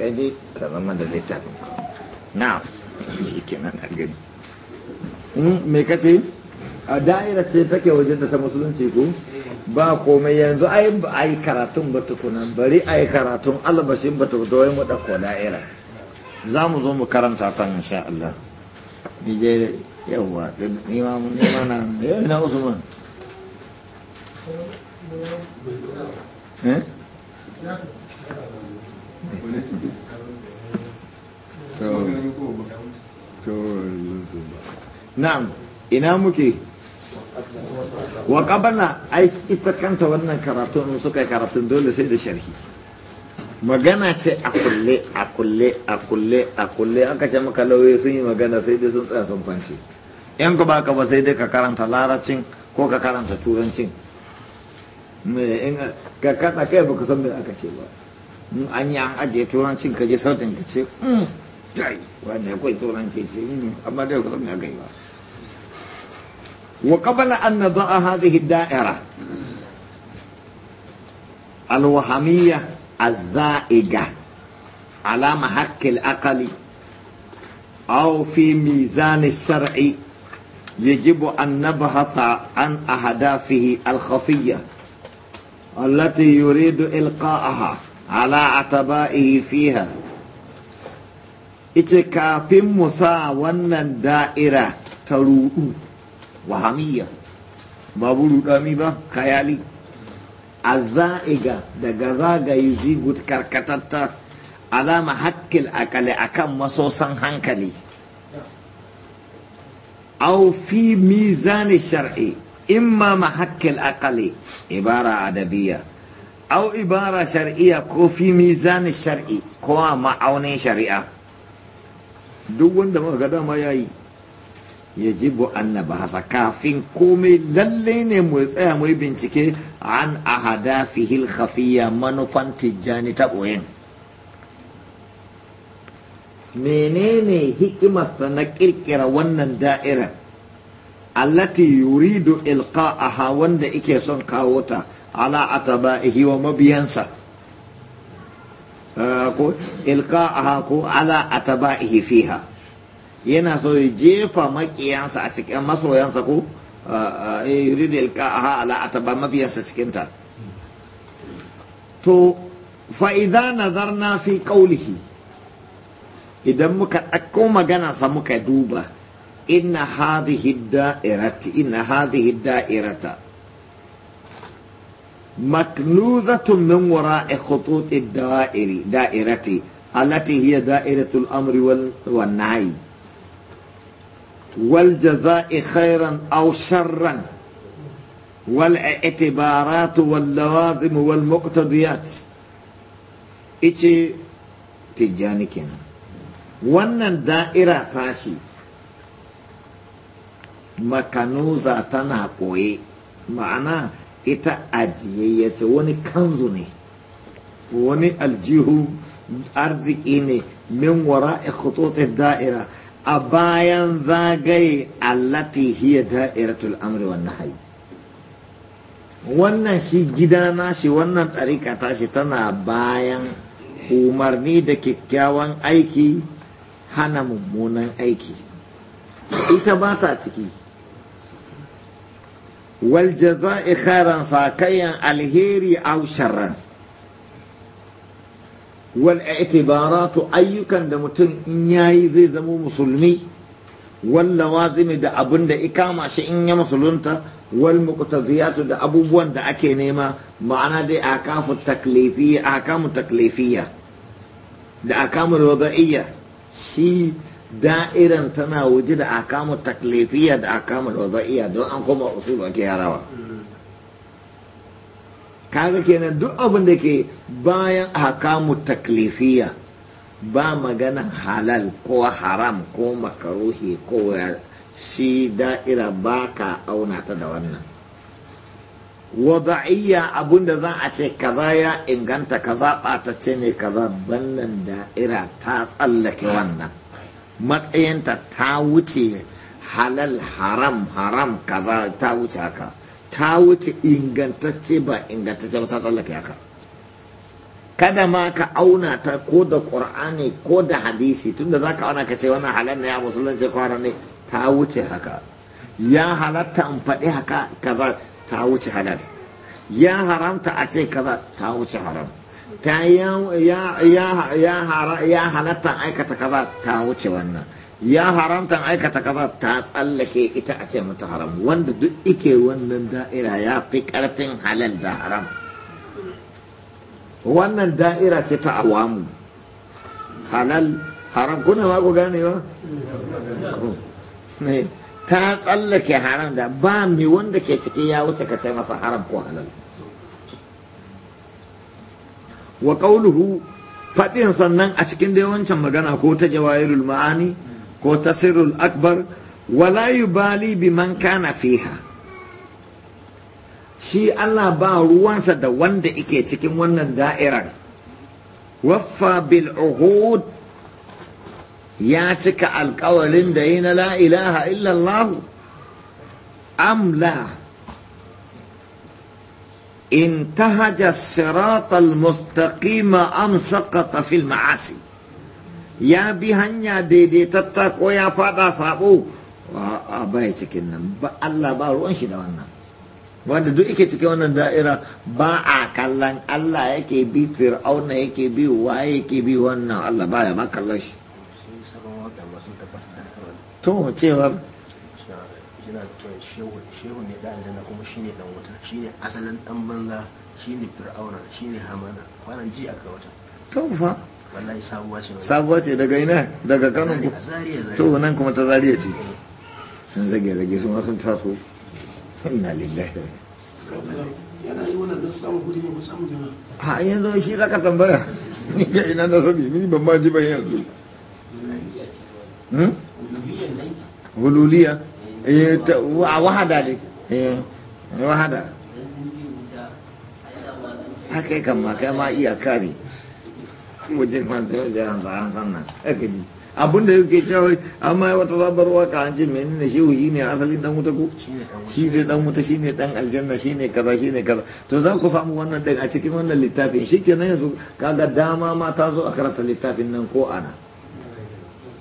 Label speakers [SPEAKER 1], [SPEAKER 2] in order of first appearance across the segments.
[SPEAKER 1] kai ta ka zama da littafin na shi kenan a gani hmm, me kace a da'ira ce take wajen da ta musulunci ko ba komai yanzu ai yi karatun ba tukuna bari ai karatun albashin ba tukuna wai mu dauko da'ira za mu zo mu karanta ta insha Allah ni je yawa ni ma ni na eh Usman eh na'am ina muke wa qabala ai ita kanta wannan karatun suka yi karatun dole sai da sharhi magana ce a kulle a kulle a kulle a kulle aka ce maka lauye sun yi magana sai dai sun tsaya sun fanci yan ka baka ba sai dai ka karanta laracin ko ka karanta turancin me ka kada kai baka san me aka ce ba in an yi an ajiye turancin ka ji sautin ka ce jai wanda akwai turanci ce amma dai kusan ya gaiwa wa qabala an nada'a hadhihi ad-da'ira al-wahamiyya az-za'iga ala mahakk al-aqli aw fi mizan ash-shar'i يجب أن نبحث عن أهدافه الخفية التي يريد إلقاءها على عتبائه فيها ita kafin mu sa wannan da'ira ta rudu wahamiyya babu rudami ba kayali a za'iga daga zagaye zigut karkatatta alama hakkil akali akan masosan hankali au fi mizani shar'i imma mahakkil akali ibara adabiya au ibara shar'iyya ko fi mizanin shar'i ko a ma'aunin shari'a duk wanda muka ga dama yayi yajibu annaba basa kafin komai lallai ne mu tsaya mu bincike an ahada fihil khafiyya manufan tijjani ta ɓoyin menene hikimarsa na ƙirƙira wannan da'irar? allati yuridu ilqa'aha wanda ike son kawo ta ala ataba'ihi wa mabiyansa eh, ko ilqa'aha ko ala ataba'ihi fiha yana so ya jefa makiyansa a cikin masoyansa ko eh, eh, yuridu ilqa'aha ala ataba mabiyansa cikin ta to fa'ida idza nazarna fi qawlihi idan muka ɗauko maganarsa muka duba إن هذه الدائرة إن هذه الدائرة مكنوزة من وراء خطوط الدوائر دائرة التي هي دائرة الأمر والنعي والجزاء خيرا أو شرا والاعتبارات واللوازم والمقتضيات إيش تجاني كنا wannan da'ira tashi makanuza tana koye ma'ana ita ajiyayya ce wani kanzu ne wani aljihu arziki ne min wara ikhututin da'ira a bayan zagaye allati hiya da'iratul amri wan nahyi wannan shi gida nashi shi wannan tsarika ta shi tana bayan umarni da kyakkyawan aiki hana mummunan aiki ita ba ta ciki wal jaza'i khairan kayan alheri aw sharran wal i'tibaratu ayyukan da mutum in yayi zai zama musulmi wal lawazimi da abun da ikama shi in ya musulunta wal muqtaziyatu da abubuwan da ake nema ma'ana dai akamu taklifiyya akamu taklifiyya da'iran tana wuji da akamu taklifiya da akamu waza'iya don an koma usul ake yarawa kaga kenan duk abin da ke bayan akamu taklifiya ba magana halal ko haram ko makaruhi ko shi da'ira ba ka auna ta da wannan wada'iyya abinda za a ce kaza ya inganta kaza ɓatacce ne kaza bannan da'ira ta tsallake wannan matsayinta ta wuce halal haram haram kaza ta wuce haka ta wuce ingantacce ba ingantacce ba ta tsallake haka kada ma ka auna ta ko da ƙur'ani ko da hadisi tunda za ka auna ka ce wannan halal ne a musulunci ko ne ta wuce haka ya halatta in faɗi haka kaza ta wuce halal ya haramta a ce kaza ta wuce haram ta ya halatta aikata kaza ta wuce wannan ya haramta aikata kaza ta tsallake ita a ce mata haram wanda duk ike wannan da'ira ya fi karfin halal da haram wannan da'ira ce ta awamu halal haram kuna ma ku gane ba ta tsallake haram da ba mai wanda ke ciki ya wuce ka ce masa haram ko halal wa ƙauluhu faɗin sannan a cikin da yawancin magana ko ta jawahirul ma'ani ko ta sirrul akbar wala bali bi man kana fiha shi Allah ba ruwansa da wanda ike cikin wannan da'irar waffa bil uhud ya cika alƙawarin da yi na la'ilaha ilaha illallahu amla In انتهج الصراط المستقيم أم سقط في ma'asi. ya bi hanya daidaitatta ko ya fada sabo a baya cikin nan ba Allah ba ruwan shi da wannan wanda duk yake cikin wannan da'ira ba a kallon Allah yake bi fir'auna yake bi wa yake bi wannan Allah ba ya ma kallon shi to cewa. shiga aljanna kuma shine dan wuta shine asalin dan banza shine fir'auna shine hamana kwanan ji aka wata to fa wallahi sabuwa ce sabuwa ce daga ina daga Kano ku to nan kuma ta zariya ce sun zage zage su ma sun taso inna lillahi yana yi wannan don samun kuɗi ba ku samu jama'a a yanzu shi zaka tambaya ni ga ina na sani mini ban ma ji ba yanzu gululiya hmm? a eh, wahada dai eh wahada haka yi kama kai ma iya kari wajen kwanciyar jiran tsaron sannan haka ji abin da yake cewa amma wata zabarwa ka an ce mai nuna shehu shi ne asalin dan wuta ko shi ne dan wuta shi ne dan aljanna shi ne kaza shi ne kaza to za ku samu wannan daga a cikin wannan littafin shi kenan yanzu kaga dama ma ta zo a karanta littafin nan ko ana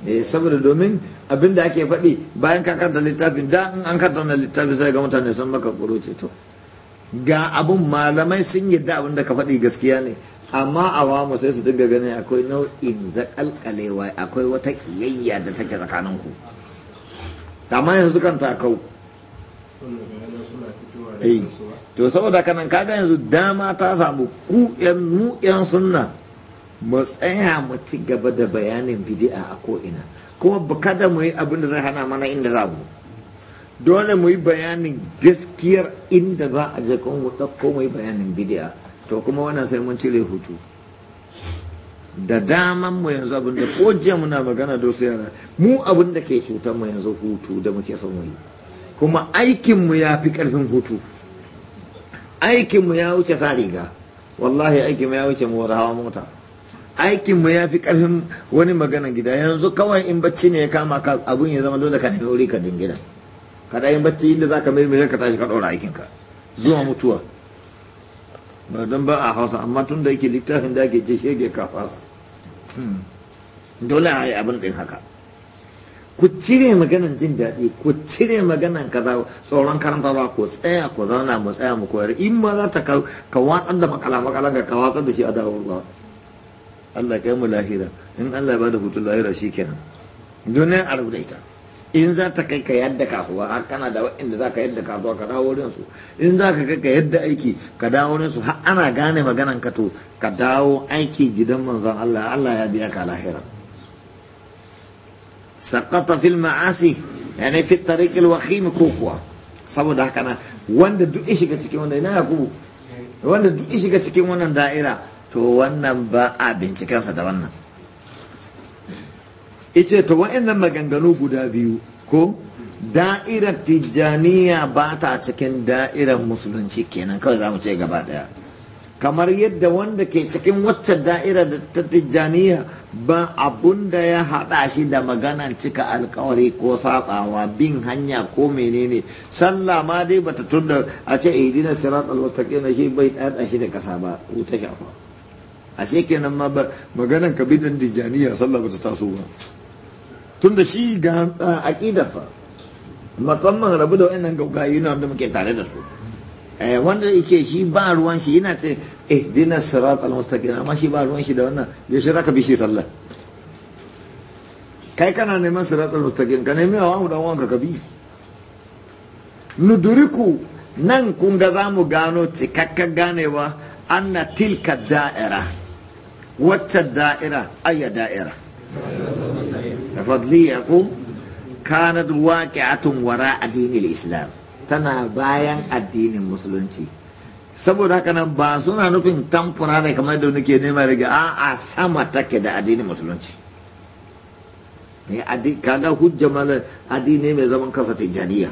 [SPEAKER 1] Eh, saboda domin abin da ake faɗi bayan ka karanta littafin da in an karanta wannan littafin sai ga mutane sun maka kuro ce to ga abun malamai sun yadda abin da ka faɗi gaskiya ne amma a mu sai su dinga ganin akwai nau'in zakalkalewa akwai wata kiyayya da take tsakanin ku amma yanzu kan takau eh, to saboda kanan kaga yanzu dama ta samu ku yan sunna mu tsaya mu ci gaba da bayanin bidi'a a ko'ina kuma kada mu yi abin da zai hana mana inda za mu dole mu yi bayanin gaskiyar inda za a je kuma mu ɗauko mu yi bayanin bidi'a to kuma wannan sai mun cire hutu da daman mu yanzu abin da ko jiya muna magana da wasu yara mu abin da ke cutar mu yanzu hutu da muke son mu yi kuma aikin mu ya fi karfin hutu Aikinmu ya wuce sa riga wallahi aikinmu ya wuce mu hawa mota aikin mu ya fi karfin wani magana gida yanzu kawai in bacci ne ya kama ka abun ya zama dole ka nemi wuri ka dingina ka da yin bacci inda zaka mai mai ka tashi ka ɗora aikin ka zuwa mutuwa ba don ba a hausa amma tun da yake littafin da ake ce shege ka fasa hmm. dole a yi abin ɗin haka ku cire maganan jin daɗi ku cire maganan kaza tsoron karantarwa ku tsaya ku zauna mu tsaya mu koyar in ma za ta ka watsar da makala makalan ka watsar da shi a dawo ruwa Allah yi mu lahira in Allah ya bada hutun lahira kenan. duniya a rubuta ita in za ta kai ka yadda kasuwa har kana da waɗanda za ka yadda kasuwa ka dawo wurin su in za ka kai ka yadda aiki ka dawo wurin su har ana gane maganan ka to ka dawo aiki gidan manzon Allah Allah ya biya ka lahira saqata fil ma'asi yani fi tariq al wakhim ko kuwa saboda haka na wanda duk ya shiga cikin wanda ina yakubu wanda duk ya shiga cikin wannan da'ira to wannan ba a bincikensa da wannan ice to wa'annan maganganu guda biyu ko da'irar tijjaniya ba ta cikin da'irar musulunci kenan kawai za mu ce gaba daya kamar yadda wanda ke cikin wacce da'irar ta tijjaniya ba abun da ya haɗa shi da maganan cika alkawari ko saɓawa bin hanya ko menene sallah ma dai bata tunda a ce idina sirat mustaqim shi bai ɗaɗa shi da ƙasa ba wuta shafa ashe kenan ma ba maganan kabilan tijaniya sallah bata taso ba tunda shi ga aqidarsa musamman rabu da wayannan gaugayi na wanda muke tare da su eh, wanda yake shi ba ruwan shi yana ce eh dina sirat almustaqim amma shi ba ruwan shi da wannan yaushe zaka bi shi sallah kai kana neman sirat almustaqim mustaqim ka nemi wa dan wanka ka bi nuduriku nan kun ga za mu gano cikakken ganewa anna tilka da'ira wacce da'ira ayya da'ira fadliyakum kanat waqi'atun wara addinil islam tana bayan addinin musulunci saboda haka nan ba suna nufin tamfura ne kamar da nake nema daga a'a sama take da addinin musulunci kaga hujja mala addini mai zaman kasa tijaniya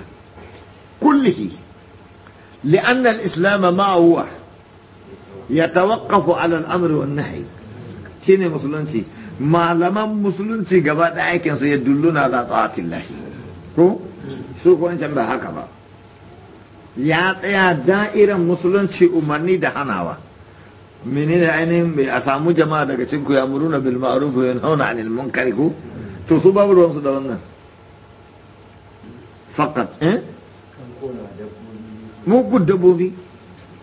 [SPEAKER 1] kullihi li'anna al-islam ma huwa yatawaqqafu 'ala al-amri wan ne musulunci malaman musulunci gaba da aikin su ya dulluna tsawatin lahi ko su ko can ba haka ba ya tsaya da'iran musulunci umarni da hanawa menene ainihin mai a samu jama'a daga cinku ya na bil ma'ruf yana yanhauna 'anil munkari ko to su babu ruwansu da wannan fakat eh mu dabbobi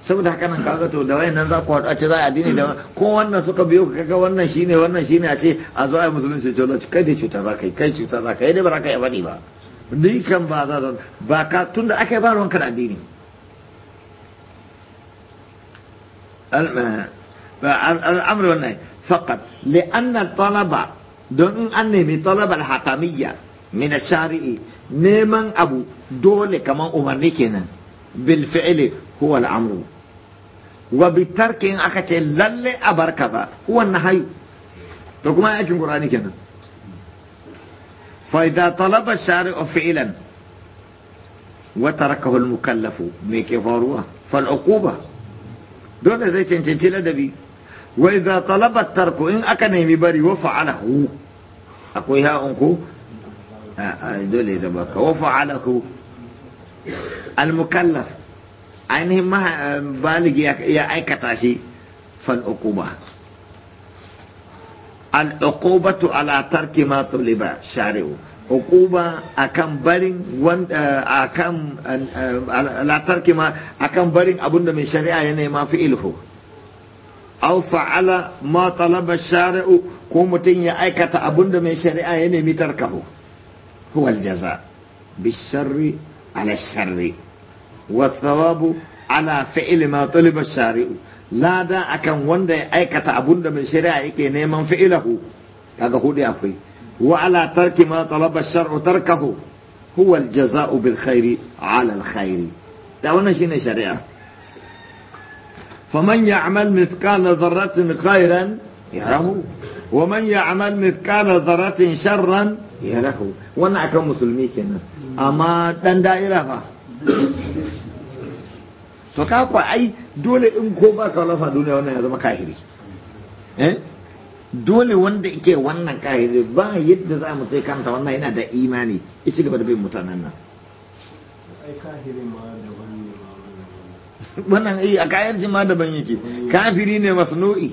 [SPEAKER 1] saboda haka nan kaga to da wayannan za ku haɗu a ce za a addini da ko wannan suka biyo ka kaga wannan shine wannan shine a ce a zo a yi musulunci ce wannan kai dai cuta za ka yi kai cuta za ka yi dai ba za ka yi faɗi ba ni kan ba za zan ba ka tun da aka yi ba ruwanka da addini al'amur eh, wannan faqat li'anna talaba don in an nemi talabal hakamiyya min shari'i neman abu dole kaman umarni kenan bil fi'li huwa al'amru wa bi tarkin aka ce lalle a bar kaza wannan hayu to kuma aikin qur'ani kenan fa idza talaba shari'u fi'lan wa tarakahu al-mukallafu me ke faruwa fal uquba dole zai cancanci ladabi wa idza talaba tarku in aka nemi bari wa fa'alahu akwai ha'un ko dole zaba ka wa fa'alahu al-mukallaf ainihin eh, baligi ya aikata shi fal uquba al uqubatu ala tarki ma tuliba shari'u uquba akan barin wanda eh, akan eh, ala tarki ma akan barin abunda mai shari'a ya nema fi ilhu aw fa'ala ma talaba shari'u ko mutum ya aikata abunda mai shari'a ya nemi tarkahu huwa al jaza sharri ala sharri والثواب على فعل ما طلب الشارع لا دا أكن وندا أيكة أبوند من شريعة يكي نيمان فعله kaga hudu akwai wa ala tarki ma talaba shar'u tarkahu huwa aljaza'u bil khairi ala al khairi da wannan shine shari'a faman ya'mal mithqala dharratin khairan yarahu wa man ya'mal mithqala dharratin sharran yarahu wannan akan musulmi kenan amma dan da'ira to ka kwa ai dole in ko ba ka lafa duniya wannan ya zama kahiri eh dole wanda yake wannan kahiri ba yadda za mu sai kanta wannan yana da imani ya ci gaba da bin mutanen nan wannan eh a kahirci ma daban yake kafiri ne masnu'i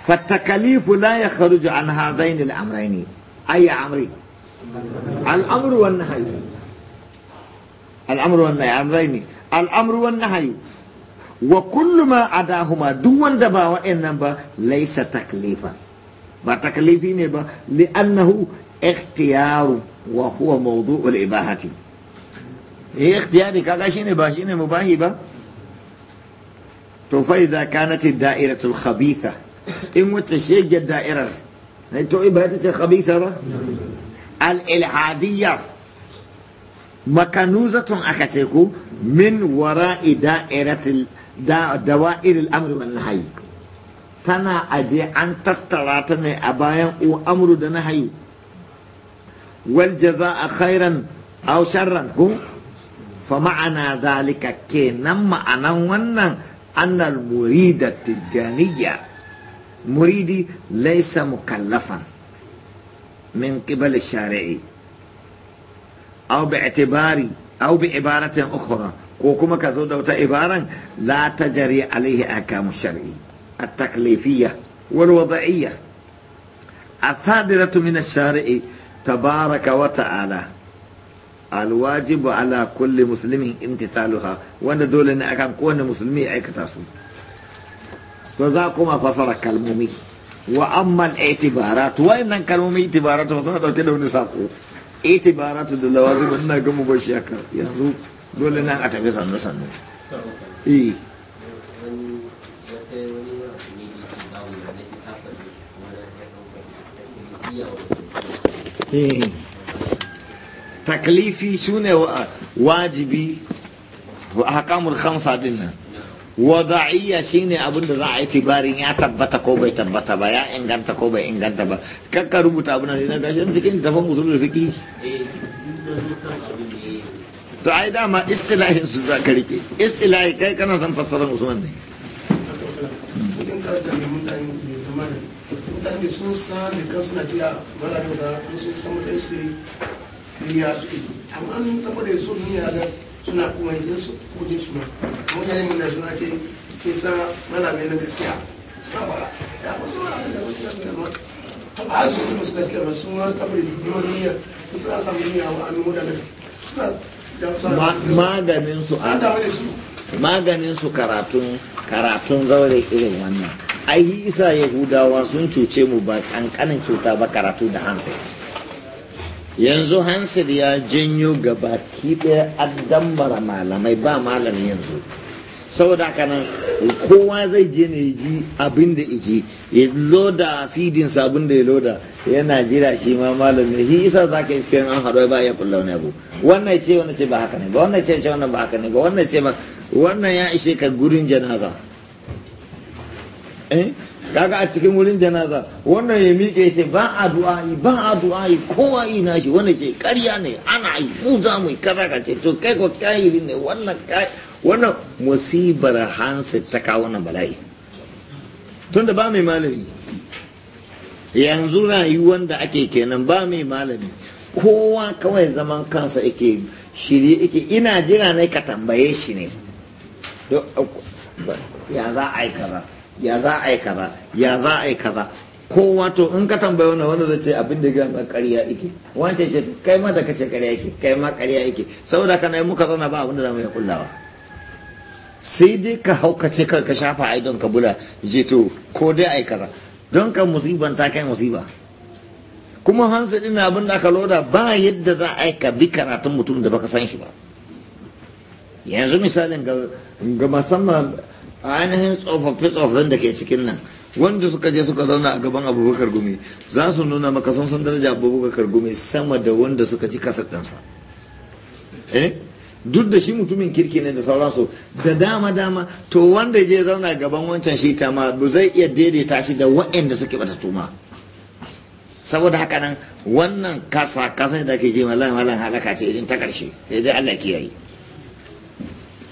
[SPEAKER 1] فالتكاليف لا يخرج عن هذين الأمرين أي أمر الأمر والنهي الأمر والنهي أمرين الامر والنهي وكل ما عداهما دون دبا وانما ليس تكليفا با تكليفين با لانه اختيار وهو موضوع الاباحه إيه اختياري كاكا شيني با شيني مباهي با فاذا كانت الدائره الخبيثه ان وتشيج الدائره هي تو اباحه خبيثه با الالحاديه مكنوزه اكتيكو من وراء دائرة دوائر الأمر والنهي تنا أجي أن تطلعتنا أبايا وأمر أمر دنهي والجزاء خيرا أو شرا فمعنى ذلك كي نم أنا ونن أن المريد التجانية مريدي ليس مكلفا من قبل الشارعي أو باعتباري au ibaratan ibaratin ko kuma ka zo da wata ibaran la tajri alaihi ahkamu shar'i at-taklifiyya wal wad'iyya as-sadiratu min ash-shari'i tabaraka wa ta'ala alwajibu ala kulli muslimin imtithaluha wanda dole ne akan kowane musulmi ya aikata su to za kuma fasara kalmomi wa amma al-i'tibarat wa kalmomi itibaratu suna dauke da wani sako itibaratu da lawazim ina gama ba shi aka yanzu dole nan a tafi sannu sannu eh taklifi ne wajibi a hakamul khamsa din nan wada'iyya shine abin da za a yi tibarin ya tabbata ko bai tabbata ba ya inganta ko bai inganta ba kakka rubuta abin da ga shi cikin tafan da fiki to ai dama istilahin su za ka rike istilahi kai kana san fassara usman ne mutane sun san da kan suna tiya malamin da sun san matsayin su ya su ido amma nun saboda su mun ya ga suna kuma yanzu su kuje su ma mun yayin mun suna ce sai sa malamai na gaskiya suna ba ya wasu malamai da wasu gaskiya ma to ba su kuma su gaskiya ba sun ma yanzu duniya suna samu duniya ba an mu da suna maganin su maganin su karatun karatun zaure irin wannan ai isa yahudawa sun cuce mu ba kankanin cuta ba karatu da hamsin yanzu hansir ya janyo gabaki ɗaya an malamai ba malami yanzu saboda haka nan kowa zai je ne ji abin da iji ya loda asidin sabon da ya loda yana jira shi ma malami hi isa za ka iske an haɗu ba ya kulla wani abu wannan ce wannan ce ba haka ne ba wannan ce wannan ba haka ne ba wannan ce ba wannan ya ishe ka gurin janaza eh kaga a cikin wurin janaza wannan ya miƙe ce ba a du'a'i ba a du'a'i kowa yi shi wanda ce ƙarya ne ana yi mu za mu yi kaza ka ce to kai ko kayiri ne wannan kai, wannan musibar hansa ta kawo wannan bala'i tunda ba mai malami yanzu rayuwar da ake kenan ba mai malami kowa kawai zaman kansa yake shirye yake ina jira ne ka tambaye shi ne ya za a yi kaza ya za a yi kaza ya za a yi kaza ko wato in ka tambaye wani wanda zai ce abin da gama ƙarya yake wance ce kai ma da kace ƙarya yake kai ma ƙarya yake saboda kana yi muka zauna ba abin da zamu yi kullawa sai dai ka haukace ka ka shafa aidon don ka bula je to ko dai ai kaza don ka musiban ta kai musiba kuma hansu din abin da aka loda ba yadda za a ka bi karatun mutum da baka san shi ba yanzu misalin ga musamman ainihin tsofaffi-tsofaffin da ke cikin nan wanda suka je suka zauna a gaban abubakar gumi za su nuna maka sun san daraja abubakar gumi sama da wanda suka ci kasar ɗansa eh? duk da shi mutumin kirki ne da sauransu da dama dama to wanda je zauna gaban wancan shi ta ma zai iya daidaita shi da waɗanda suke bata tuma saboda haka nan wannan kasa kasa da ke je malam malam halaka ce idan ta karshe sai dai Allah kiyaye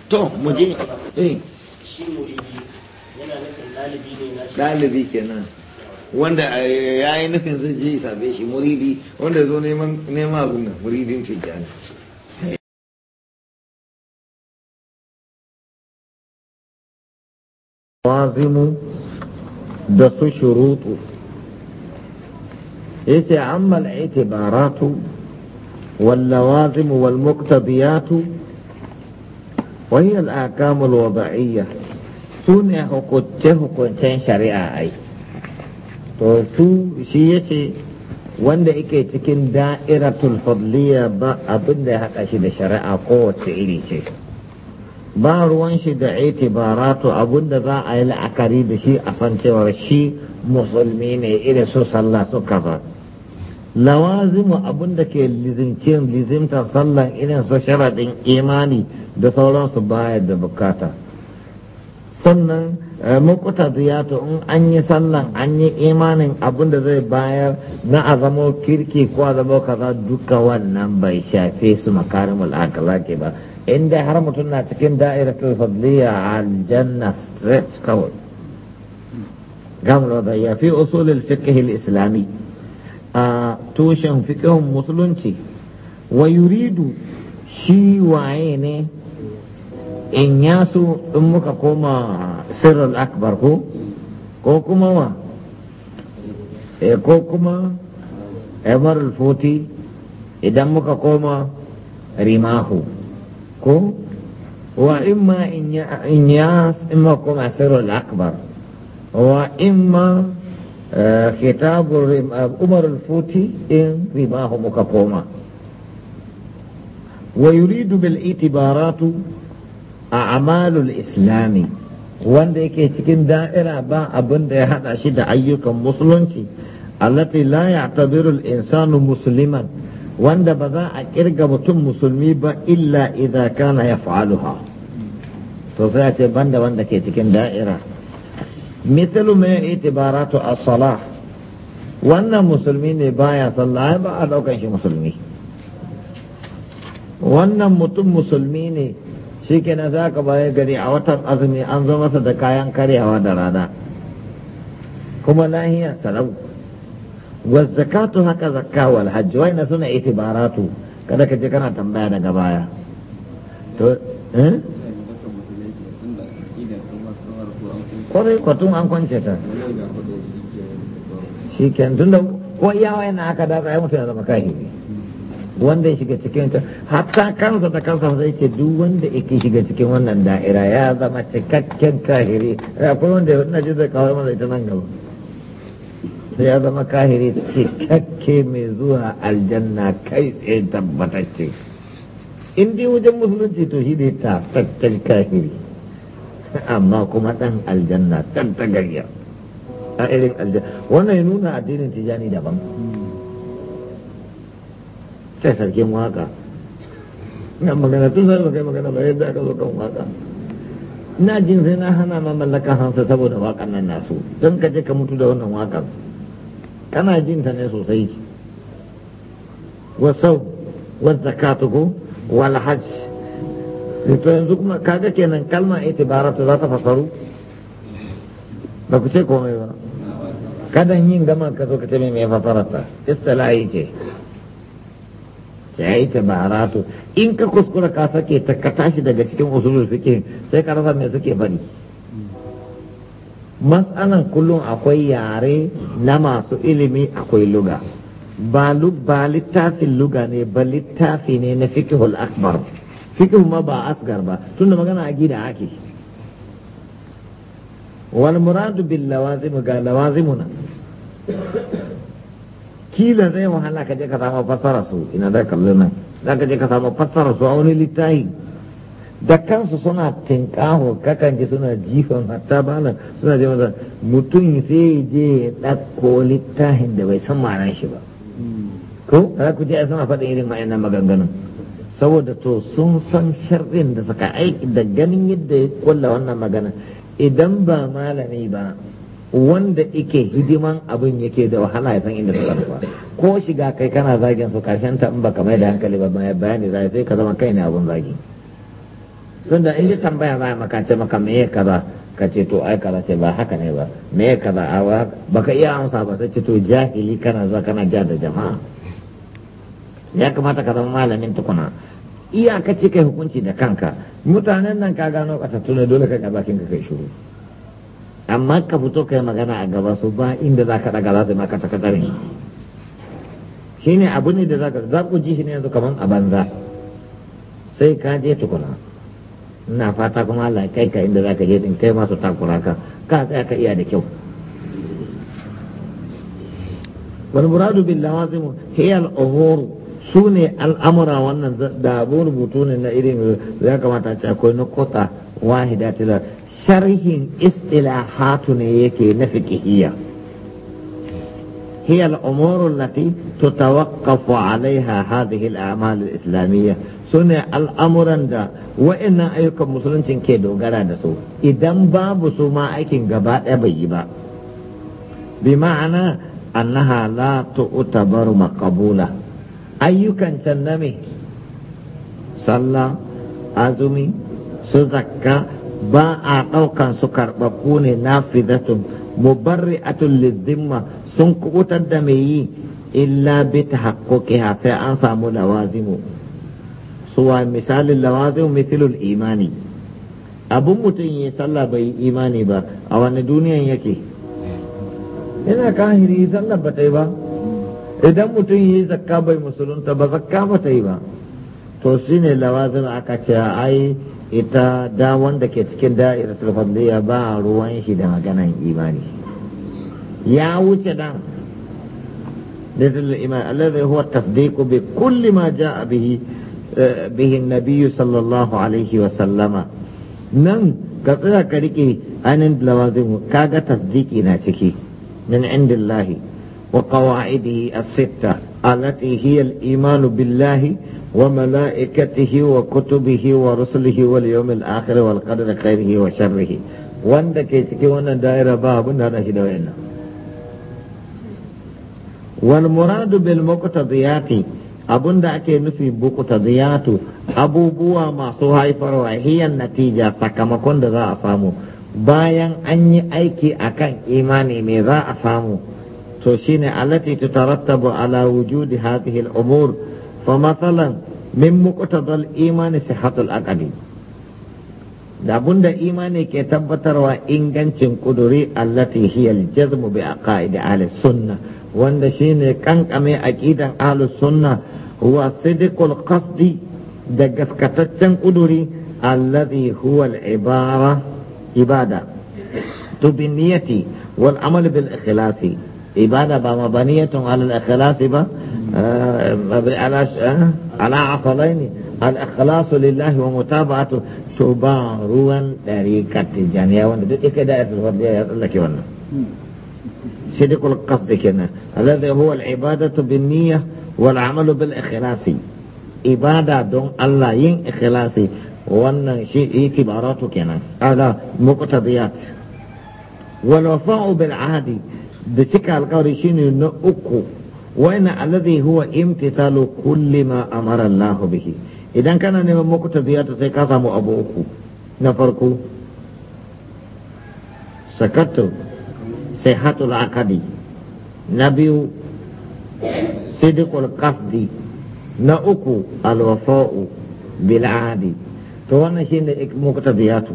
[SPEAKER 1] to mu je eh. ɗalibi kenan wanda eh, ya yi nufin zai je sabe shi muridi wanda zo neman neman abun nan muridin tijjani wazimu da su shurutu yace ammal itibaratu wal lawazim wal walmuktabiyatu wani الآكام الوضعية su ne hukunce-hukuncen shari'a ai to su shi ya wanda yake cikin da'iratul fadliya ba abin da ya haka shi da shari'a kowace iri ce ba ruwan shi da itibaratu abin da za a yi la'akari da shi a san cewar shi musulmi ne irin su sallah su kaza lawazimu abin da ke lizimtar sallar, irin su sharaɗin imani da sauransu baya da bukata sannan eh, mukuta ziyatu in an yi sallan an yi imanin abin da zai bayar na a zamo kirki ko a zamo kaza duka wannan bai shafe su makarimul akhlaqi ba inda har mutum na cikin da'iratul fadliya aljanna straight kawai gamra da ya fi usulul fiqh islami a tushen fiqhun musulunci wa yuridu shi waye ne in yasu in muka koma sirrul akbar ko ko kuma wa e ko kuma emarul foti idan muka koma rimahu ko wa imma in yas in muka koma sirrul akbar wa imma kitabul umarul foti in rimahu muka koma ويريد baratu. a amalul islami wanda yake cikin da'ira ba abin da ya hada shi da ayyukan musulunci allati la ya'tabiru al-insanu musliman wanda ba za a kirga mutum musulmi ba illa idza kana yaf'aluha to sai a ce banda wanda ke cikin da'ira mithlu ma itibaratu as-salah wannan musulmi ne baya sallah ba a daukan shi musulmi wannan mutum musulmi ne shi kenan za ka bayan gari a watan azumi an zo masa da kayan karyawa da rana kuma lahiyar salau zakatu haka zakka wal hajji wai na suna itibaratu kada ka je kana tambaya daga baya to eh kwarai kwatun an kwance ta shi kenan tunda ko iyawa yana aka a ya mutu ya zama kahiri wanda ya shiga cikin ta hatta kansa da kansa zai ce duk wanda yake shiga cikin wannan da'ira ya zama cikakken kahiri akwai wanda ya wadda jirgin kawai mazai ta nan gaba ya zama kahiri cikakke mai zuwa aljanna kai tsaye tabbatacce in dai wajen musulunci to shi ne ta tattal kahiri amma kuma dan aljanna tantagarya a irin aljanna wannan ya nuna addinin tijani daban sai sarkin waka na magana tun sai kai magana ba yadda aka zo kan waka ina jin sai na hana ma mallaka hansa saboda wakan nan nasu don ka je ka mutu da wannan wakan kana jin ta ne sosai wasau wazakatu ko wal hajj to yanzu kuma kaga kenan kalma itibaratu za ta fasaru ba ku ce komai ba kadan yin gama ka zo ka ce mai fasararta istilahi ce ya yi tabaratu in ka kuskura ka sake ta ka tashi daga cikin usulul fiqh sai ka rasa me suke bari mas'alan kullum akwai yare na masu ilimi akwai luga ba littafin luga ne ba littafi ne na fiqhul akbar fiqh ma ba asgar ba tunda magana a gida ake wal muradu bil lawazim ga lawazimuna kila zai wahala ka je ka samu fassara su ina za ka nan za ka je ka samu fassara su a wani littafi da kansu suna tinkaho kakanci suna jifan hatta bana suna je masa mutum sai je ya ɗauko littafin da bai san ma'anar shi ba hmm. ko za ku je a sama faɗin irin ma'ana maganganu saboda to sun san sharrin da suka aiki da ganin yadda ya kulla wannan magana idan ba malami ba wanda ike hidiman abin yake da wahala ya san inda suka nufa ko shiga kai kana zagin su karshen ta in baka mai da hankali ba bayani za sai ka zama kai ne abun zagi tunda in ji tambaya za a makace maka me kaza ka ce to ai kaza ce ba haka ne ba me kaza a baka iya amsa ba sai ce to jahili kana zuwa kana ja da jama'a ya kamata ka zama malamin tukuna ka ce kai hukunci da kanka mutanen nan ka gano ka tattuna dole ka ga bakin ka kai shuru. amma ka fito ka yi magana a gaba su ba inda za ka daga za maka takatare shi ne abu ne da za ka za ku ji shi ne yanzu kamar a banza sai ka je tukuna ina fata kuma Allah kai ka inda za ka je din kai masu takura ka ka tsaya ka iya da kyau wal muradu bil lawazim hiya al umur su ne al'amura wannan da abu rubutu ne na irin ya kamata a ce akwai kota wahida tilar Tarihin istilahatu ne yake na fiƙi hiyya. Hiyal Umaru lati, tu ta wakkafu Aleha haɗa hilaya malu islamiyya. Su ne al'amuran da waɗannan ayyukan Musulunce ke dogara da su. Idan babu su ma aikin gaba gabaɗaya bai yi ba. Bi ma'ana annaha zai tuƙa baruma Ayyukan can na mi. Sallah. Azumi. Su zakka. ba a ɗaukan su karɓaɓɓu ne na fidatun a lizzimma sun kubutar da mai yi illa bi tahaqquqiha sai an samu lawazimu suwa misalin lawazimu mitilul imani abun mutum ya sallah bai yi imani ba a wani duniyan yake Ina kahiri sallah ba ta yi ba idan mutum yi zakka bai musulunta ba zakka ba ta yi ba to shine lawazim aka ce ai ita da wanda ke cikin da'ira tulfadliya ba ruwan shi da maganan imani ya wuce dan lidul iman alladhi huwa tasdiqu bi kulli ma jaa bihi eh, bihi an sallallahu alaihi wa sallama nan ka tsira ka rike anin lawazin kaga tasdiki na ciki min indillahi wa qawaidihi as-sitta allati hiya al-iman billahi wa وكتبه ورسله واليوم الآخر والقدر خيره وشره wanda ke cikin wannan da'ira ba abin da hada shi da wayannan muradu bil muqtadiyati abin da ake nufi muqtadiyatu abubuwa masu haifarwa hiyan natija sakamakon da za a samu bayan an yi aiki akan imani me za a samu to shine alati allati tutarattabu ala wujudi hadhihi al umur فمثلا من مقتضى الإيمان صحة العقد da abun da imani ke tabbatarwa ingancin kuduri allati hiya aljazmu bi aqaid ahli sunna wanda shine kankame aqidan ahli sunna huwa sidqul qasdi da gaskataccen kuduri alladhi huwa al-ibara ibada to bi niyyati wal amal bil ikhlasi ibada ba mabaniyatun ala al-ikhlasi ba على على عقلين الإخلاص لله ومتابعته تبع روان طريقة الجانية وانا دي كده الفضلية يقول لك وانا صدق القصد كنا الذي هو العبادة بالنية والعمل بالإخلاص عبادة دون الله ين إخلاصي وانا شيء اعتباراته كنا هذا مقتضيات والوفاء بالعهد بسكة القول شيء نؤكو waina alladhi huwa imtithalu kulli ma amara Allahu idan kana neman muku tadiyata sai ka samu abu uku na farko sakatu sihatul akadi na biyu sidiqul qasdi na uku alwafa'u bil adi to wannan shine muku tadiyatu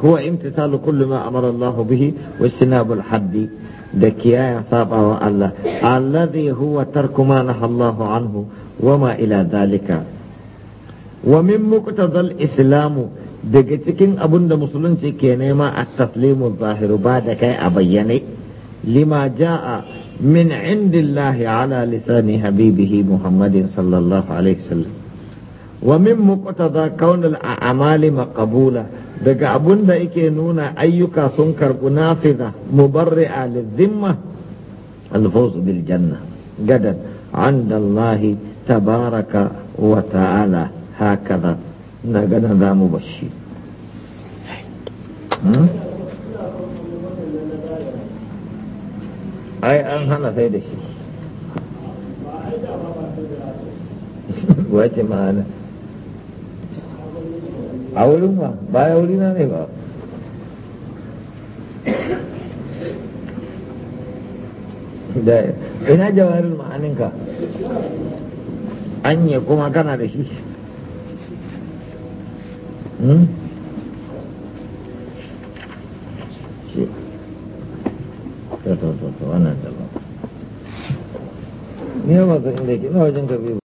[SPEAKER 1] huwa imtithalu kulli ma amara Allahu bihi sinabul haddi da kiyaya wa Allah allazi huwa tarku ma nahallahu anhu wama ila dalika wa min muqtadal islamu daga cikin abun da musulunci ke nema a taslimu zahiru ba da kai a bayyane lima ja'a min indillahi ala lisani habibihi muhammadin sallallahu alaihi wasallam wa min kaunar a a'mali maqbula daga abun da yake nuna ayyuka sun karbu nafiza mubarri'a lizimma alfawz bil janna gadan عند الله تبارك وتعالى هكذا نقل ذا مبشر ai an hana sai da shi wace ma'ana a wurin ba ba ya wurina ne ba da ina jawarin ma'aninka kuma kana da shi ba ka inda ke na wajen